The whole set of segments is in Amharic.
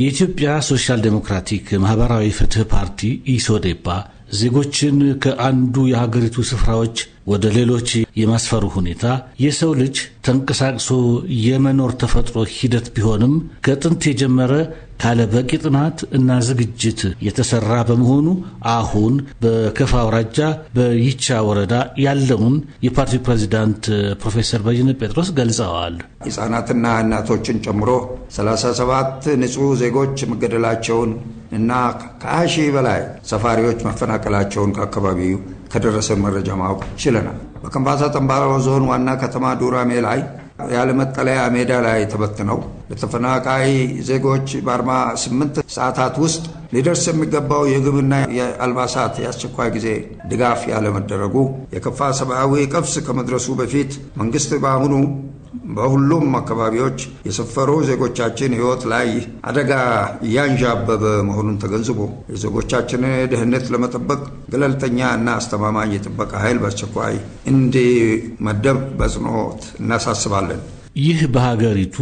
የኢትዮጵያ ሶሻል ዴሞክራቲክ ማህበራዊ ፍትህ ፓርቲ ኢሶዴፓ ዜጎችን ከአንዱ የሀገሪቱ ስፍራዎች ወደ ሌሎች የማስፈሩ ሁኔታ የሰው ልጅ ተንቀሳቅሶ የመኖር ተፈጥሮ ሂደት ቢሆንም ከጥንት የጀመረ ካለ በቂ ጥናት እና ዝግጅት የተሰራ በመሆኑ አሁን በከፋ አውራጃ በይቻ ወረዳ ያለውን የፓርቲው ፕሬዚዳንት ፕሮፌሰር በየነ ጴጥሮስ ገልጸዋል። ሕጻናትና እናቶችን ጨምሮ 37 ንጹህ ዜጎች መገደላቸውን እና ከአሺ በላይ ሰፋሪዎች መፈናቀላቸውን ከአካባቢው ከደረሰን መረጃ ማወቅ ችለናል። በከምባታ ጠምባሮ ዞን ዋና ከተማ ዱራሜ ላይ ያለመጠለያ ሜዳ ላይ ተበትነው ለተፈናቃይ ዜጎች በ48 ሰዓታት ውስጥ ሊደርስ የሚገባው የግብና የአልባሳት የአስቸኳይ ጊዜ ድጋፍ ያለመደረጉ የከፋ ሰብአዊ ቀውስ ከመድረሱ በፊት መንግስት በአሁኑ በሁሉም አካባቢዎች የሰፈሩ ዜጎቻችን ሕይወት ላይ አደጋ እያንዣበበ መሆኑን ተገንዝቦ የዜጎቻችንን ደህንነት ለመጠበቅ ገለልተኛ እና አስተማማኝ የጥበቃ ኃይል በአስቸኳይ እንዲመደብ በጽንኦት እናሳስባለን። ይህ በሀገሪቱ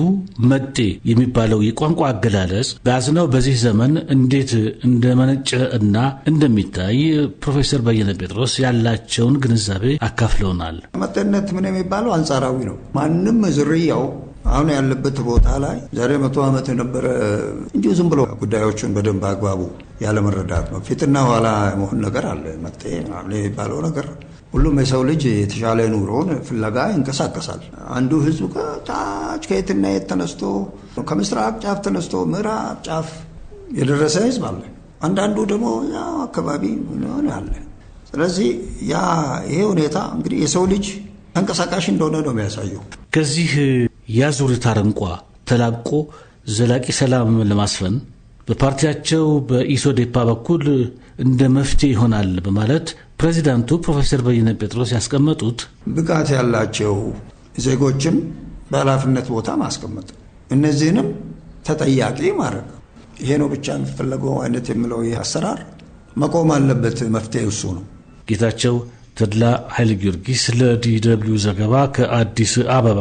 መጤ የሚባለው የቋንቋ አገላለጽ በያዝነው በዚህ ዘመን እንዴት እንደመነጨ እና እንደሚታይ ፕሮፌሰር በየነ ጴጥሮስ ያላቸውን ግንዛቤ አካፍለውናል። መጤነት ምን የሚባለው አንጻራዊ ነው። ማንም ዝርያው አሁን ያለበት ቦታ ላይ ዛሬ መቶ ዓመት የነበረ እንዲሁ ዝም ብሎ ጉዳዮቹን በደንብ አግባቡ ያለመረዳት ነው። ፊትና ኋላ መሆን ነገር አለ። መጤ የሚባለው ነገር ሁሉም የሰው ልጅ የተሻለ ኑሮን ፍለጋ ይንቀሳቀሳል። አንዱ ህዝብ ከታች ከየትና የት ተነስቶ ከምስራቅ ጫፍ ተነስቶ ምዕራብ ጫፍ የደረሰ ህዝብ አለ። አንዳንዱ ደግሞ ያው አካባቢ ሆነ አለ። ስለዚህ ያ ይሄ ሁኔታ እንግዲህ የሰው ልጅ ተንቀሳቃሽ እንደሆነ ነው የሚያሳየው። ከዚህ ያዙሪት አረንቋ ተላቆ ዘላቂ ሰላም ለማስፈን በፓርቲያቸው በኢሶዴፓ በኩል እንደ መፍትሄ ይሆናል በማለት ፕሬዚዳንቱ ፕሮፌሰር በየነ ጴጥሮስ ያስቀመጡት ብቃት ያላቸው ዜጎችን በኃላፊነት ቦታ ማስቀመጥ፣ እነዚህንም ተጠያቂ ማድረግ ይሄ ነው ብቻ የሚፈለገው አይነት የሚለው ይህ አሰራር መቆም አለበት። መፍትሄ እሱ ነው። ጌታቸው ተድላ ኃይለ ጊዮርጊስ ለዲ ደብልዩ ዘገባ ከአዲስ አበባ